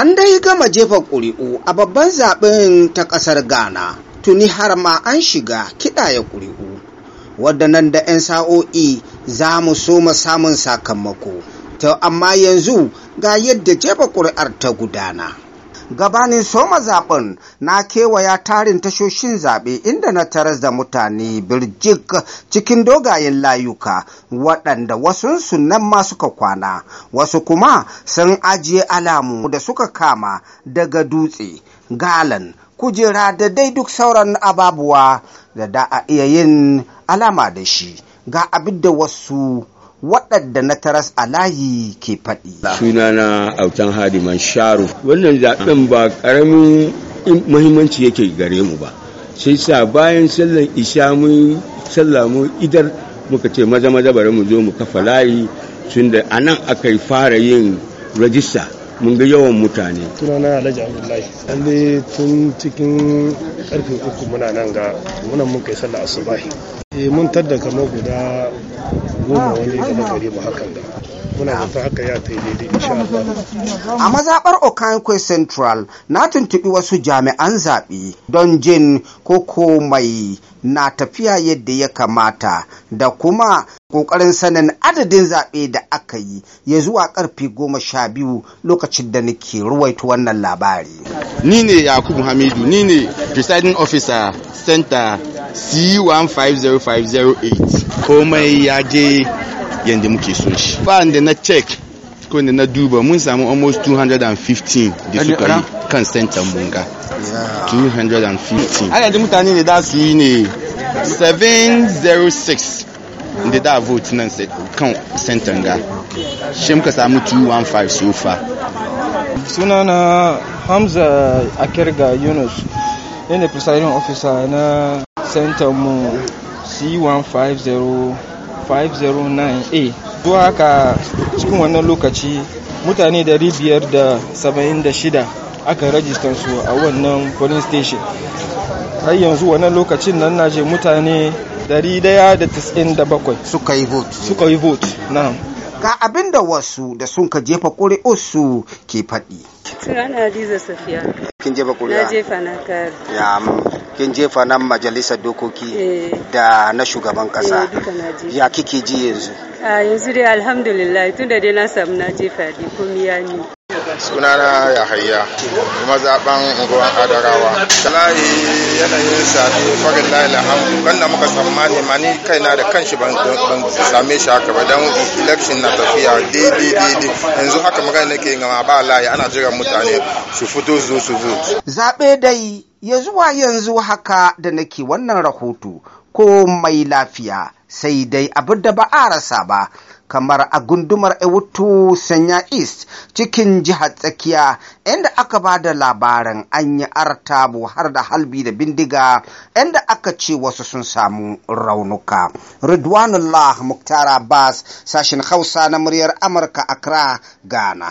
An dai gama jefa ƙuri'u a babban zaɓen ta ƙasar Ghana, tuni har ma an shiga kiɗaya ƙuri'u, wadda nan da 'yan sa'o'i za mu so mu samun sakamako. ta amma yanzu ga yadda jefa ƙuri'ar ta gudana. gabanin soma zaben na kewaya tarin tashoshin zaɓe inda na taras da mutane birjik cikin dogayen layuka waɗanda wasunsu nan ma suka kwana wasu kuma sun ajiye alamu da suka kama daga dutse galan kujera da dai duk sauran ababuwa da da a iya yin alama da shi ga abin da wasu waɗanda na taras a layi ke faɗi. sunana autan hadiman sharu wannan zaɓen ba ƙaramin muhimmanci yake gare mu ba sai sa bayan sallan isha mun sallah mu idar muka ce maza maza bari mu zo mu kafa layi tun da nan aka fara yin rajista mun ga yawan mutane sunana alhaji abdullahi lalle tun cikin karfe uku muna nan ga munan mun kai sallah asubahi Eh, mun tadda kamar guda goma wani gaba gare hakan da muna ta haka ya ta daidai insha Allah. A mazaɓar Okanko Central na tuntuɓi wasu jami'an zaɓe don jin ko mai na tafiya yadda ya kamata da kuma ƙoƙarin sanin adadin zaɓe da aka yi ya zuwa ƙarfe goma sha biyu lokacin da nake ruwaito wannan labari. Ni ne Yakubu Hamidu, ni ne presiding officer center c150508 komai ya je yadda muke so shi fan da na check ko da na duba mun samu almost 215 da suka yi kan center munga. 215 adadin mutane ne da su yi ne 706 da da vote nan kan center ga shi muka samu 215 so far sunana hamza akirga yunus ne presiding officer na center mu c150509a zuwa haka cikin wannan lokaci mutane 576 aka rajistan su a wannan polling station har yanzu wannan lokacin nan na je mutane 197 suka yi vote suka yi vote na ga abin da wasu da sun ka jefa ƙuri'unsu ke faɗi. Sunana Hadiza Safiya. Kin jefa ƙuri'a? Na jefa na kare. Ya kin jefa nan majalisa dokoki eh. da na shugaban kasa eh, ya kike ji yanzu yanzu dai alhamdulillah tun dai na samu na jefa dai komi ya ni sunana ya hayya kuma zaben unguwar adarawa yana yanayin sami farin layi alhamdu banda muka tsammani ma ni kaina da kanshi ban same shi haka ba dan election na tafiya daidai daidai yanzu haka magana nake yin a ba layi ana jiran mutane su fito su zo su zo zaɓe dai ya zuwa yanzu haka da nake wannan rahoto ko mai lafiya sai dai abin da ba a rasa ba kamar a gundumar ewutu sanya east cikin jihar tsakiya inda aka ba da labarin an yi artabu har da halbi da bindiga inda aka ce wasu sun samu raunuka ridwanullah muktar abbas sashen hausa na muryar amurka accra ghana